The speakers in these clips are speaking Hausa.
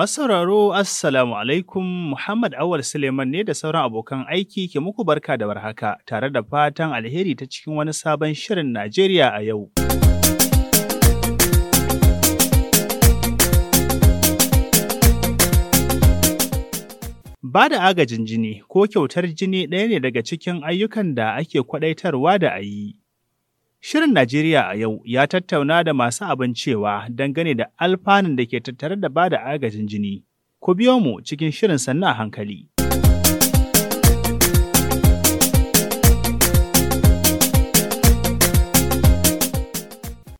Masu sauraro, Assalamu alaikum, Muhammad Awal Suleiman ne da sauran abokan aiki ke muku barka da warhaka tare da fatan alheri ta cikin wani sabon shirin Najeriya a yau. Ba da agajin jini ko kyautar jini ɗaya ne daga cikin ayyukan da ake kwaɗaitarwa da a yi. Shirin Najeriya a yau ya tattauna da masu abincewa dangane da alfanun da ke tattare da bada agajin jini. Ku biyo mu cikin shirin sannu a hankali.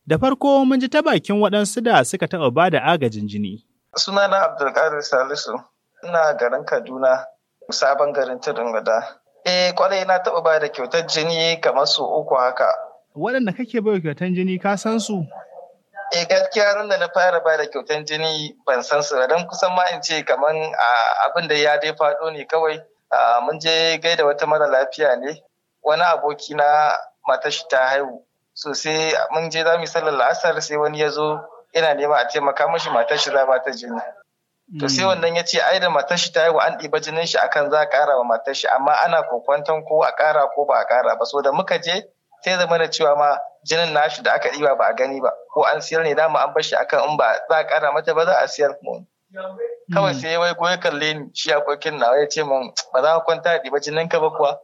Da farko mun ji ta bakin waɗansu da suka taɓa ba da agajin jini. Sunana Abdulkadir Salisu, ina garin Kaduna, sabon garin Tirin Wada. Eh, kwarai na taɓa ba da kyautar jini kamar su uku haka. waɗanda kake bai kyautan jini ka san su? Eh gaskiya ran da na fara bada da kyautan jini ban san su don kusan ma in ce kaman abin da ya dai faɗo ne kawai mun je gaida wata mara lafiya ne wani aboki na mata shi ta haihu so sai mun je za mu sallar la'asar sai wani ya zo yana nema a taimaka mashi mata shi za ta jini. To sai hmm. wannan ya ce ai da mata shi ta haihu an ɗiba jinin shi akan za a ƙara wa matar shi amma ana kokwanton ko a ƙara ko ba a ƙara ba so da muka je sai zama da cewa ma jinin nashi da aka ɗiba ba a gani ba ko an siyar ne dama an bashi akan in ba za a ƙara mata ba za a siyar mu kawai sai wai ko ya kalle ni shi abokin nawa ya ce min ba za ka kwanta ɗiba jinin ka ba kuwa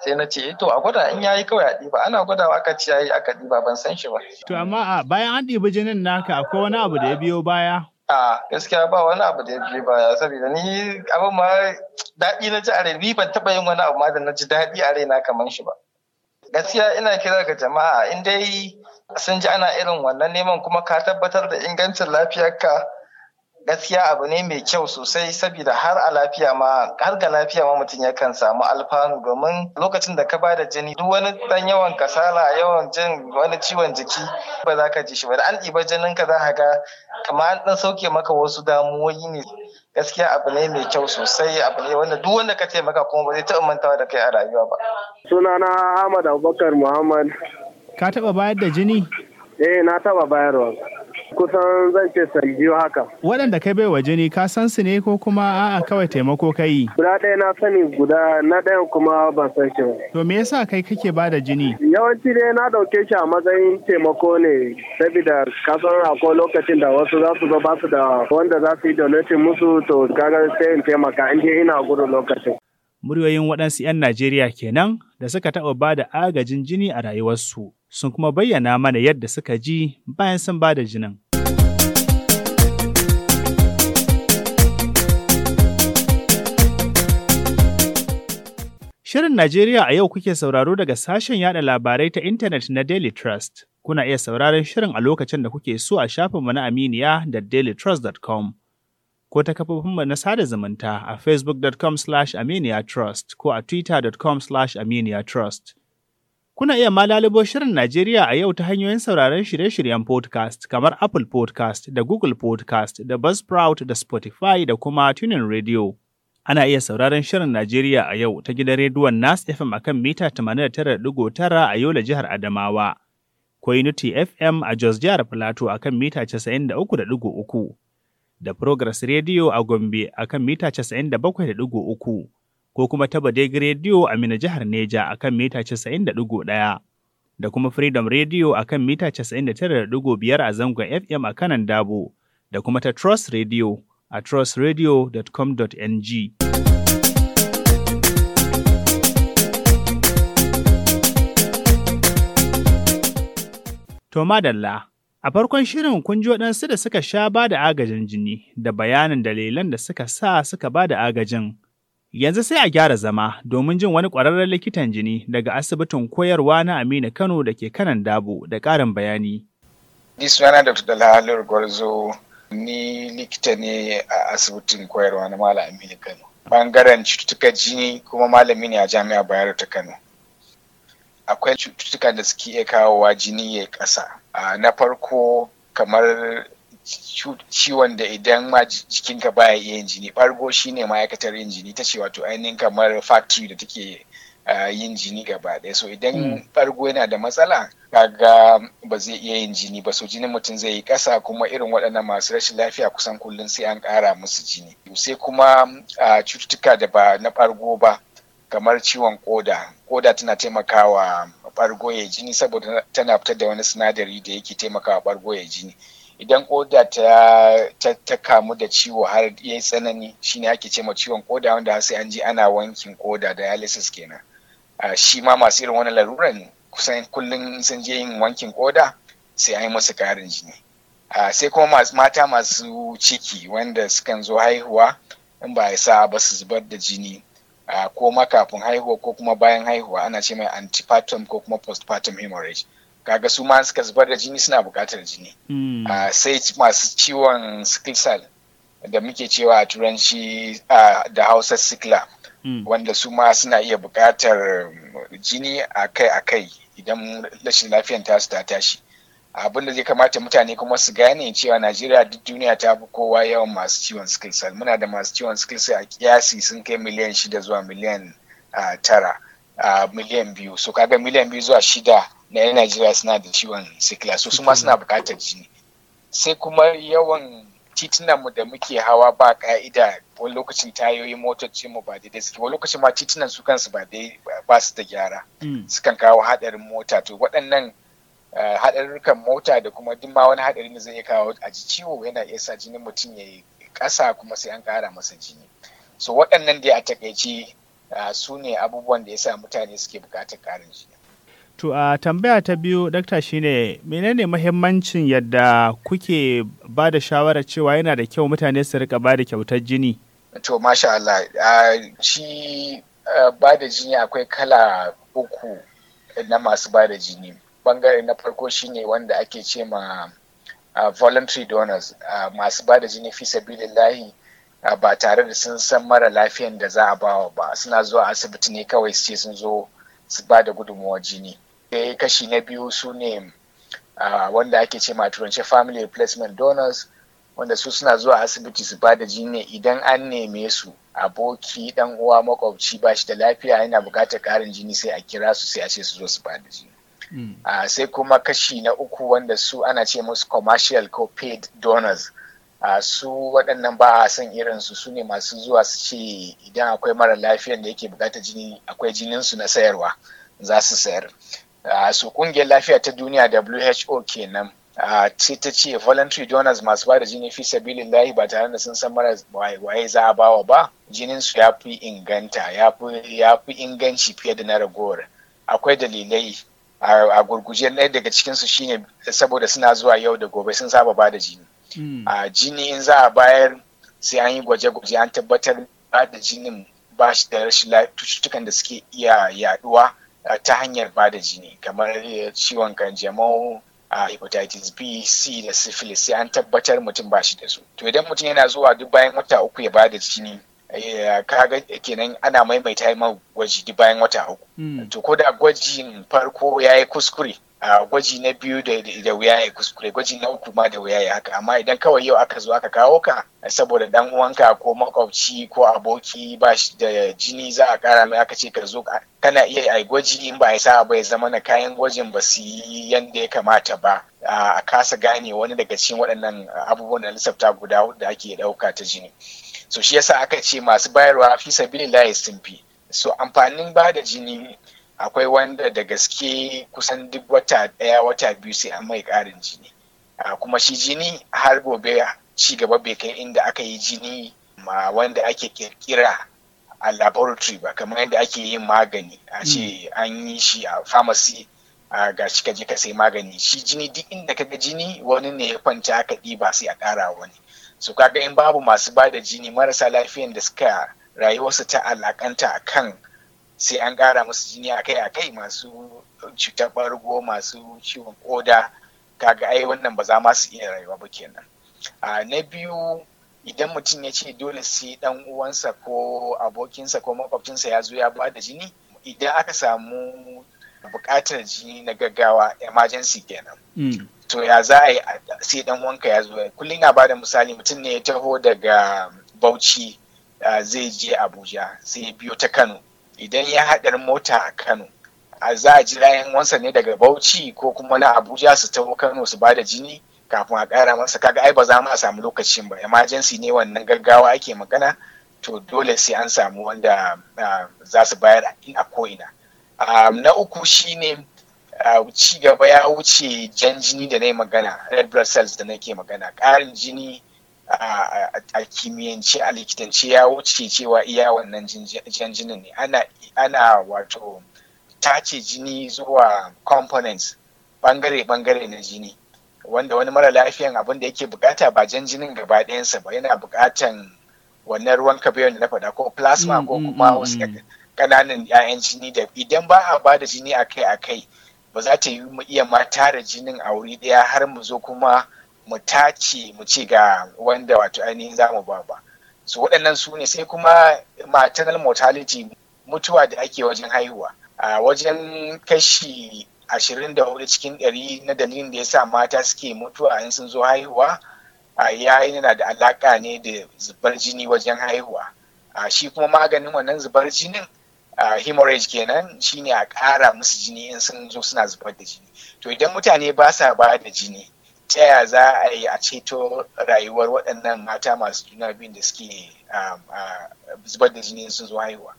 sai na ce eh to a gwada in yayi kawai a ɗiba ana gwadawa aka ce yayi aka ɗiba ban san shi ba. to amma a bayan an ɗibi jinin naka akwai wani abu da ya biyo baya. a gaskiya ba wani abu da ya biyo baya saboda ni abin ma daɗi na ji a rai ban taɓa yin wani abu ma da na ji daɗi a na kamar shi ba. gaskiya ina kira ga jama'a in dai sun ji ana irin wannan neman kuma ka tabbatar da ingancin lafiyarka gaskiya abu ne mai kyau sosai saboda har a lafiya ma har ga lafiya ma mutum yakan samu alfanu domin lokacin da ka ba da jini duk wani dan yawan kasala yawan jin wani ciwon jiki ba za ka ji shi ba da an ɗiba jinin ka za ka ga kamar an ɗan sauke maka wasu damuwoyi ne gaskiya abu ne mai kyau sosai abu ne wanda duk wanda ka taimaka kuma ba zai taɓa mantawa da kai a rayuwa ba. sunana Ahmad Abubakar Muhammad. Ka taɓa bayar da jini? Eh na taɓa bayarwa. kusan zan ce sai haka waɗanda ka bai waje ne ka san su ne ko kuma a'a kawai taimako ka yi guda ɗaya na sani guda na ɗayan kuma ban san shi ba to me yasa kai kake ba da jini yawanci dai na ɗauke shi a matsayin taimako ne saboda ka san akwai lokacin da wasu za su zo ba su da wanda za su yi donatin musu to kaga sai in taimaka in ina gudun lokacin muryoyin waɗansu 'yan Najeriya kenan da suka taɓa ba da agajin jini a rayuwarsu, sun kuma bayyana mana yadda suka ji bayan sun ba da jinin. Shirin Najeriya a yau kuke sauraro daga sashen yada labarai ta intanet na Daily Trust. Kuna iya sauraron shirin a lokacin da kuke so a shafinmu na Aminiya da dailytrust.com ko ta kafofinmu na sada zumunta a facebook.com slash aminiyatrust ko a twitter.com slash aminiyatrust. Kuna iya malalibo shirin Najeriya a yau ta hanyoyin sauraron shirye-shiryen podcast kamar Apple podcast da Google podcast da Buzzsprout da Spotify da kuma Tuning Radio. Ana iya sauraron Shirin Najeriya a yau ta gidan rediyon Nas FM a kan mita 89.9 a Yola jihar Adamawa, Koinuti FM a Jos jihar Filato a kan mita 93.3, da Progress Radio a Gombe a kan mita 97.3, ko kuma ta badeg Radio a Mina jihar Neja a kan mita 90.1. Da kuma Freedom Radio a kan mita 99.5 a zangon FM a kanan Dabo, da kuma ta Trust Radio a trustradio.com.ng. To madalla, a farkon shirin kun ji waɗansu da suka sha ba da agajin jini da bayanin dalilan da suka sa suka ba da agajin. Yanzu sai a gyara zama domin jin wani ƙwararren likitan jini daga asibitin koyarwa na Aminu Kano da ke kanan dabo da ƙarin bayani. Ni suna Dr. Dalhalur Gwarzo Ni likita ne a asibitin koyarwa na Malam Aminu Kano. Bangaren cututtuka jini kuma malami ne a jami'a Bayero ta Kano. Akwai cututtukan da suke iya kawowa jini ya ƙasa. Na farko kamar ciwon da idan ma jikinka baya iya yin jini bargo shine ma'aikatar yin jini ta ce wato ainihin kamar factory da take yin jini gaba ɗaya so idan mm. ɓargo yana da matsala kaga ba zai iya yin jini ba so jinin mutum zai yi kasa kuma irin waɗannan masu rashin lafiya kusan kullum sai an ƙara musu jini sai kuma cututtuka da ba na ɓargo ba kamar ciwon koda koda tana taimakawa ɓargo ya jini saboda tana fitar da wani sinadari da yake taimakawa ɓargo ya jini idan koda ta, ta, kamu da ciwo har ya yi tsanani shine ake ce ma ciwon koda wanda sai an ji ana wankin koda dialysis kenan shi ma masu irin wani laruran kusan kullum sun je yin wankin koda sai an musu karin jini sai kuma mata masu ciki wanda sukan zo haihuwa in ba ya sa ba su zubar da jini ko makafin haihuwa ko kuma bayan haihuwa ana ce mai antepartum ko kuma postpartum hemorrhage kaga su ma suka zubar da jini suna buƙatar jini hmm. sai masu ciwon sickle cell da muke cewa a turanci da hausa sickler Hmm. wanda su ma suna iya buƙatar jini a kai-a kai idan rashin lafiyan tasu ta tashi abin da zai kamata mutane kuma su gane cewa najeriya duk duniya ta fi kowa yawan masu ciwon sickle cell muna da masu ciwon sickle cell a kiyasi sun kai miliyan shida zuwa miliyan tara miliyan biyu so kaga miliyan biyu zuwa shida na yan najeriya suna da ciwon sickle so su ma suna buƙatar jini sai kuma yawan titunanmu da muke hawa ba ka'ida wani lokacin tayoyin motar ce mu ba daidai suke wani lokacin ma titunan su kansu ba dai ba su da gyara mm. sukan kawo haɗarin mota to waɗannan eh, hadarurrukan mota da kuma duk ma wani hadarin da zai iya kawo a ji ciwo yana iya sa jinin mutum ya yi ƙasa kuma sai an ƙara masa jini so waɗannan dai a takaice eh, su ne abubuwan da ya sa mutane suke buƙatar ƙarin jini To a tambaya ta biyu dakta shine menene mahimmancin yadda kuke ba da shawarar cewa yana da kyau mutane su rika ba da kyautar jini? to masha Allah shi ba da jini akwai kala uku na masu ba da jini bangare na farko shine wanda ake ce ma voluntary donors masu ba da jini fi sabilillahi ba tare da sun san mara lafiyan da za a bawa ba suna zuwa asibiti ne kawai su ce sun zo su ba da gudunmawar jini kashi na biyu su ne wanda ake ce ma turanci family replacement donors wanda su suna zuwa asibiti su bada jini idan an neme su aboki dan uwa makwabci ba shi da lafiya yana buƙatar ƙarin jini sai a kira su sai a ce su zo su bada jini hmm. a ah, sai kuma kashi na uku wanda su ana ce musu commercial ko paid donors a ah, su waɗannan ba a son irinsu su ne masu zuwa su ce idan akwai mara lafiyan da yake buƙatar jini akwai jininsu na sayarwa za su sayar a ah, su ƙungiyar lafiya ta duniya who kenan Ah, ce ta ce voluntary donors masu ba da jini fi sabilin layi ba tare da sun san mara waye za a bawa ba jinin su ya fi inganta ya fi inganci fiye da na ragowar akwai dalilai a gurguje ɗaya daga cikinsu shine saboda suna zuwa yau da gobe sun saba ba da jini hmm. a ah, jini in za a bayar sai an yi gwaje-gwaje an tabbatar ba da jinin ba shi da rashin cututtukan da suke iya yaduwa ah, ta hanyar ba da jini kamar ciwon kanjamau a hepatitis b c da syphilis sai an tabbatar mutum ba shi da su to idan mutum yana zuwa duk bayan wata uku ya bada jini eh, kaga kenan ana maimaita ma gwaji duk bayan wata uku hmm. to ko da gwajin farko ya yi kuskure gwaji na biyu da wuya ya kuskure gwaji na uku ma da wuya ya haka amma idan kawai yau aka zo aka kawo ka saboda dan uwanka ko makwabci ko aboki ba shi da jini za a kara mai aka ce ka zo kana iya ai gwaji in ba ya sa ba ya zama na kayan gwajin ba su yi yanda ya kamata ba a kasa gane wani daga cikin waɗannan abubuwan da lissafta guda hudu da ake ɗauka ta jini so shi yasa aka ce masu bayarwa fi sabilillahi sun fi so amfanin ba da jini akwai wanda da gaske kusan duk wata ɗaya wata biyu sai an mai ƙarin jini kuma shi jini har gobe ci gaba bai kai inda aka yi jini ma wanda ake kirkira a laboratory ba kamar yadda ake yin magani a ce mm. an yi shi a pharmacy a ga shi ka je ka sai magani shi jini duk inda ka ga jini wani ne ya kwanta aka ɗiba sai a ƙara wani su kaga in babu masu bada jini marasa lafiyan da suka rayuwarsu ta alakanta a kan sai an ƙara musu jini akai-akai masu cutar ɓargo masu ciwon koda kaga ai wannan ba za ma su iya rayuwa ba kenan na biyu idan mutum ya ce dole sai dan uwansa ko abokinsa ko makwabcinsa ya zo ya ba da jini idan aka samu buƙatar jini na gaggawa emergency kenan mm. to ya za a yi sai dan wanka ya zo kullum ya ba da misali mutum ne ya taho daga bauchi zai je abuja sai ya biyo ta kano idan ya haɗarin mota a Kano a za a ji layan wansa ne daga Bauchi ko kuma na Abuja su taho Kano su bada jini kafin a ƙara masa kaga ai ba za mu samu lokacin ba emergency ne wannan gaggawa ake magana to dole sai an samu wanda za su bayar in a ko'ina na uku shine ci gaba ya wuce jan jini da na magana red blood cells da nake magana ƙarin jini a kimiyyance a likitance ya wuce cewa iya wannan jan jinin ne ana wato tace jini zuwa components bangare-bangare na jini wanda wani mara lafiyan abin da yake bukata ba jan jinin gaba ɗayansa ba yana bukatan wannan ruwan kabeyar da na faɗa ko plasma mm, ko mm, kuma mm, wasu kananan 'ya'yan jini da idan ba a ba da jini akai-akai ba za ta iya ma tara jinin a wuri ɗaya har mu zo kuma mu tace mu ci ga wanda wato ainihin zamu ba ba su waɗannan su ne sai kuma maternal mortality mutuwa da ake wajen haihuwa a wajen kashi ashirin da hudu cikin ɗari na dalilin da ya sa mata suke mutuwa in sun zo haihuwa a yayi yana da alaka ne da zubar jini wajen haihuwa a shi kuma maganin wannan zubar jinin a hemorrhage kenan shine a ƙara musu jini in sun zo suna zubar da jini to idan mutane ba sa ba da jini ta za a yi a ceto rayuwar waɗannan mata masu juna biyu da suke um, zubar da jini sun zo haihuwa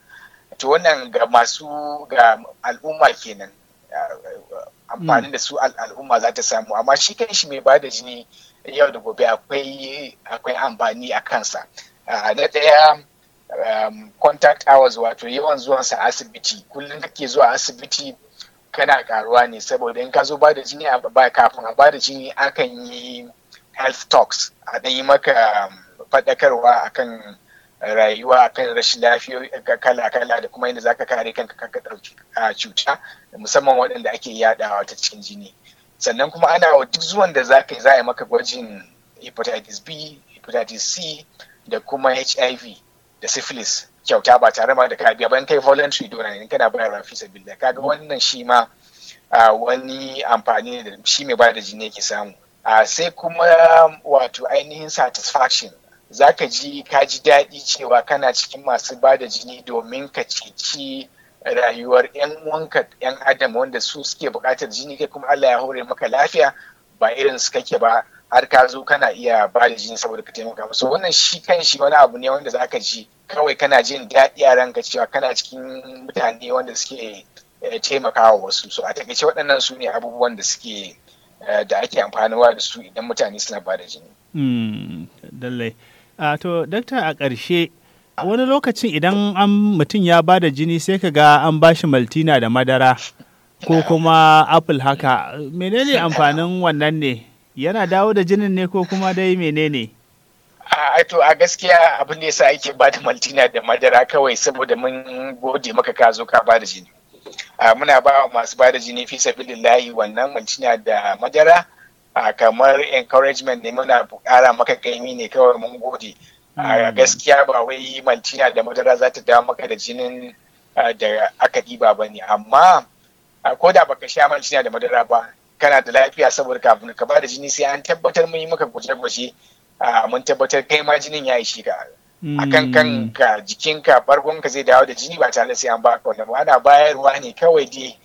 to wannan ga masu ga al'umma kenan amfanin da su al'umma za ta samu amma shi kan shi mai ba da jini yau da gobe akwai akwai amfani a kansa na ɗaya um, contact hours wato yawan zuwansa asibiti kullum kake zuwa asibiti kana karuwa ne saboda in ka zo ba da jini a ba kafin a ba da jini akan yi health talks a ɗan yi maka um, faɗakarwa akan rayuwa akan rashin lafiyoyi kala-kala da kuma yadda za ka kare kanka kanka ɗauki a cuta musamman waɗanda ake yaɗawa ta cikin jini sannan kuma ana wa duk zuwan da za ka yi za a yi maka gwajin hepatitis b hepatitis c da kuma hiv da syphilis kyauta ba tare ma da ka biya ban kai voluntary donor ne kana bayarwa fi sabilillah kaga mm. wannan shi ma wani amfani da shi mai bada jini yake samu sai kuma wato ainihin satisfaction zaka ji ka ji daɗi cewa kana cikin masu bada jini domin ka ceci rayuwar 'yan wanka 'yan adam wanda su suke buƙatar jini kai kuma Allah ya hore maka lafiya ba irin su kake ba har ka zo kana iya bada jini saboda ka taimaka musu wannan shi kan shi wani abu ne wanda za ka ji kawai kana jin daɗi a ranka cewa kana cikin mutane wanda suke eh, taimakawa wasu so a takaice waɗannan su ne abubuwan da suke eh, da ake amfanuwa da su idan mutane suna ba da jini. Dallai. Hmm, ah, to, dakta a ƙarshe wani lokacin idan an mutum ya ba da jini sai ka ga an ba shi maltina da madara ko kuma apple haka menene amfanin wannan ne yana dawo da jinin ne ko kuma dai menene? a to a gaskiya abin da yasa ake da maltina da madara kawai saboda mun gode maka ka zo ka bada jini muna ba masu bada jini fi sabilillahi wannan maltina da madara kamar encouragement ne muna kara maka kaimi ne kawai mun gode a hmm. gaskiya ba wai maltina da madara za ta dawo maka da jinin da aka yi ba ne amma ko da baka sha maltina da madara ba kana da lafiya saboda kafin ka bada jini sai an tabbatar mun yi maka gwaje-gwaje mun tabbatar kai ma jinin ya yi shi ka a kan hmm. kan ka jikinka bargonka zai dawo da jini ba tare sai an ba ka. wani ana bayarwa ne kawai dai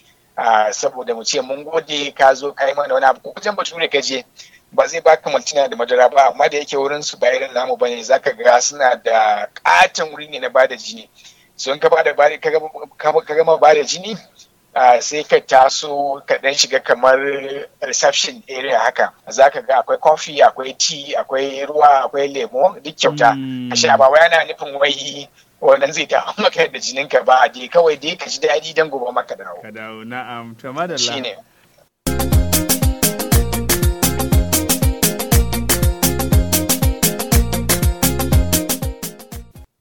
saboda mu ce mun gode ka zo ka yi mana wani abu ko wajen ne ka je ba zai ba baka maltina da madara ba amma da yake wurin su ba irin namu bane zaka ga suna da katon wuri ne na bada jini sun ka ba da bada jini Uh, sai ka taso kaɗan shiga kamar reception area haka za ka ga akwai kofi akwai tea akwai ruwa akwai lemo duk kyauta mm. ashe ba wai nufin wai wannan zai ta maka da jinin ka ba je kawai dai ka ji daɗi dan gobe maka dawo ka dawo na'am to madalla shine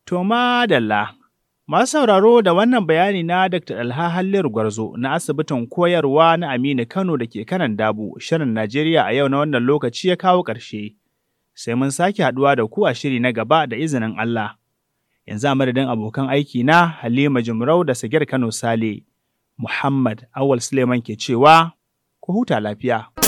to madalla Masu sauraro da wannan bayani na Dr. Alha Gwarzo na asibitin koyarwa na Aminu Kano da ke kanan dabu shirin Najeriya a yau na wannan lokaci ya kawo ƙarshe. Sai mun sake haɗuwa da ku a shiri na gaba da izinin Allah. Yanzu a madadin abokan aiki na Halima Jumrau da Sagir Kano Sale, Muhammad Awal Suleiman ke cewa, ku huta lafiya.